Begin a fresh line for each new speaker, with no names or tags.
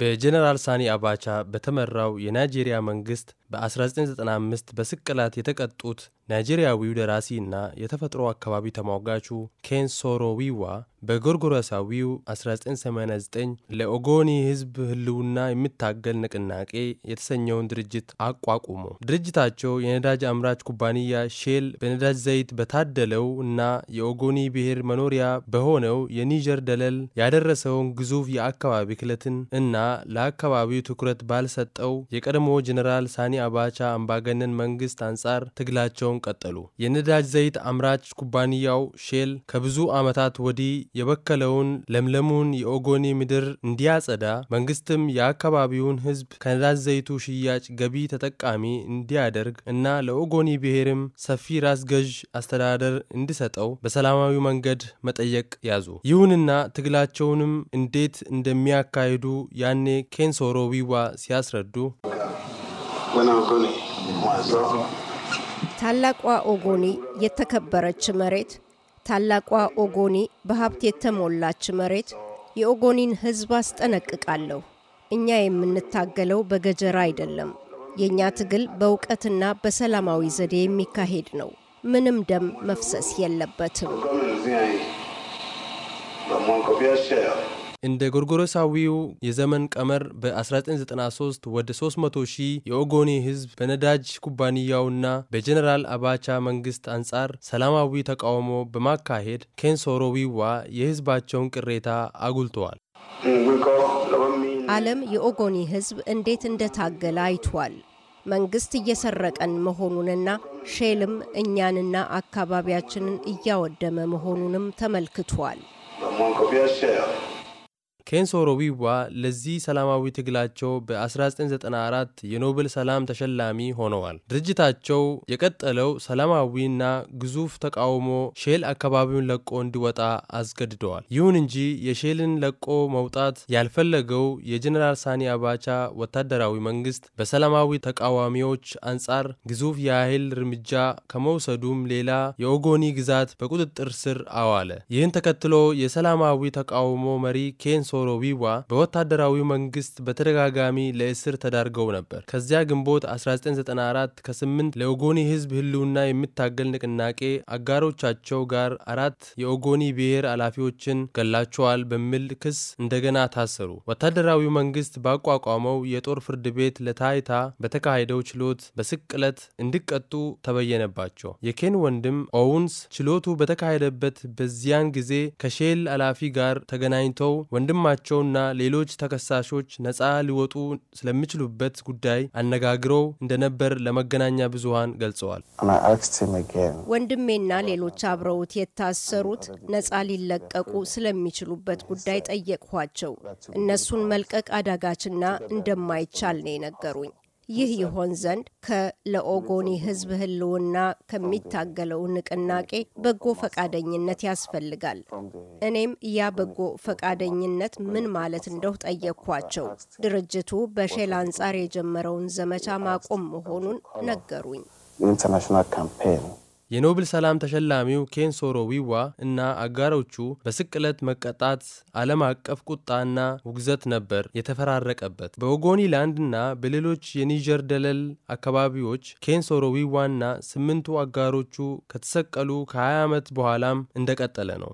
በጀነራል ሳኒ አባቻ በተመራው የናይጄሪያ መንግስት በ1995 በስቅላት የተቀጡት ናይጄሪያዊው እና የተፈጥሮ አካባቢ ተሟጋቹ ኬንሶሮዊዋ በጎርጎረሳዊው 1989 ለኦጎኒ ሕዝብ ህልውና የሚታገል ንቅናቄ የተሰኘውን ድርጅት አቋቁሞ ድርጅታቸው የነዳጅ አምራች ኩባንያ ሼል በነዳጅ ዘይት በታደለው እና የኦጎኒ ብሔር መኖሪያ በሆነው የኒጀር ደለል ያደረሰውን ግዙፍ የአካባቢ ክለትን እና ለአካባቢው ትኩረት ባልሰጠው የቀድሞ ጀኔራል ሳኒ አባቻ አምባገነን መንግስት አንጻር ትግላቸውን መሆናቸውን ቀጠሉ። የነዳጅ ዘይት አምራች ኩባንያው ሼል ከብዙ ዓመታት ወዲህ የበከለውን ለምለሙን የኦጎኒ ምድር እንዲያጸዳ፣ መንግስትም የአካባቢውን ህዝብ ከነዳጅ ዘይቱ ሽያጭ ገቢ ተጠቃሚ እንዲያደርግ እና ለኦጎኒ ብሔርም ሰፊ ራስ ገዥ አስተዳደር እንዲሰጠው በሰላማዊ መንገድ መጠየቅ ያዙ። ይሁንና ትግላቸውንም እንዴት እንደሚያካሂዱ ያኔ ኬንሶሮ ዊዋ ሲያስረዱ
ታላቋ ኦጎኒ የተከበረች መሬት፣ ታላቋ ኦጎኒ በሀብት የተሞላች መሬት፣ የኦጎኒን ሕዝብ አስጠነቅቃለሁ። እኛ የምንታገለው በገጀራ አይደለም። የእኛ ትግል በእውቀትና በሰላማዊ ዘዴ የሚካሄድ ነው። ምንም ደም መፍሰስ የለበትም።
እንደ ጎርጎሮሳዊው የዘመን ቀመር በ1993 ወደ 300 ሺህ የኦጎኔ ህዝብ በነዳጅ ኩባንያውና በጀኔራል አባቻ መንግስት አንጻር ሰላማዊ ተቃውሞ በማካሄድ ዊዋ የህዝባቸውን ቅሬታ አጉልተዋል።
ዓለም የኦጎኔ ህዝብ እንዴት እንደታገለ አይቷል። መንግስት እየሰረቀን መሆኑንና ሼልም እኛንና አካባቢያችንን እያወደመ መሆኑንም ተመልክቷል።
ኬንሶ ሮቢዋ ለዚህ ሰላማዊ ትግላቸው በ1994 የኖብል ሰላም ተሸላሚ ሆነዋል። ድርጅታቸው የቀጠለው ሰላማዊና ግዙፍ ተቃውሞ ሼል አካባቢውን ለቆ እንዲወጣ አስገድደዋል። ይሁን እንጂ የሼልን ለቆ መውጣት ያልፈለገው የጀኔራል ሳኒ አባቻ ወታደራዊ መንግስት በሰላማዊ ተቃዋሚዎች አንጻር ግዙፍ የኃይል እርምጃ ከመውሰዱም ሌላ የኦጎኒ ግዛት በቁጥጥር ስር አዋለ። ይህን ተከትሎ የሰላማዊ ተቃውሞ መሪ ኬንሶ ሶሮ ሶሮዊዋ በወታደራዊው መንግስት በተደጋጋሚ ለእስር ተዳርገው ነበር። ከዚያ ግንቦት 1994 ከ8 ለኦጎኒ ህዝብ ህልውና የሚታገል ንቅናቄ አጋሮቻቸው ጋር አራት የኦጎኒ ብሔር ኃላፊዎችን ገላቸዋል በሚል ክስ እንደገና ታሰሩ። ወታደራዊው መንግስት ባቋቋመው የጦር ፍርድ ቤት ለታይታ በተካሄደው ችሎት በስቅለት እንዲቀጡ ተበየነባቸው። የኬን ወንድም ኦውንስ ችሎቱ በተካሄደበት በዚያን ጊዜ ከሼል ኃላፊ ጋር ተገናኝተው ወንድም ወንድማቸውና ሌሎች ተከሳሾች ነፃ ሊወጡ ስለሚችሉበት ጉዳይ አነጋግረው እንደነበር ለመገናኛ ብዙሃን ገልጸዋል።
ወንድሜና ሌሎች አብረውት የታሰሩት ነፃ ሊለቀቁ ስለሚችሉበት ጉዳይ ጠየቅኋቸው። እነሱን መልቀቅ አዳጋችና እንደማይቻል ነው የነገሩኝ። ይህ ይሆን ዘንድ ከለኦጎኒ ህዝብ ህልውና ከሚታገለው ንቅናቄ በጎ ፈቃደኝነት ያስፈልጋል። እኔም ያ በጎ ፈቃደኝነት ምን ማለት እንደው ጠየቅኳቸው። ድርጅቱ በሼል አንጻር የጀመረውን ዘመቻ ማቆም መሆኑን ነገሩኝ።
የኖብል ሰላም ተሸላሚው ሶሮ ዊዋ እና አጋሮቹ በስቅለት መቀጣት ዓለም አቀፍ ቁጣና ውግዘት ነበር የተፈራረቀበት። በኦጎኒላንድና በሌሎች የኒጀር ደለል አካባቢዎች ኬንሶሮ ዊዋና ስምንቱ አጋሮቹ ከተሰቀሉ ከ20 ዓመት በኋላም እንደቀጠለ ነው።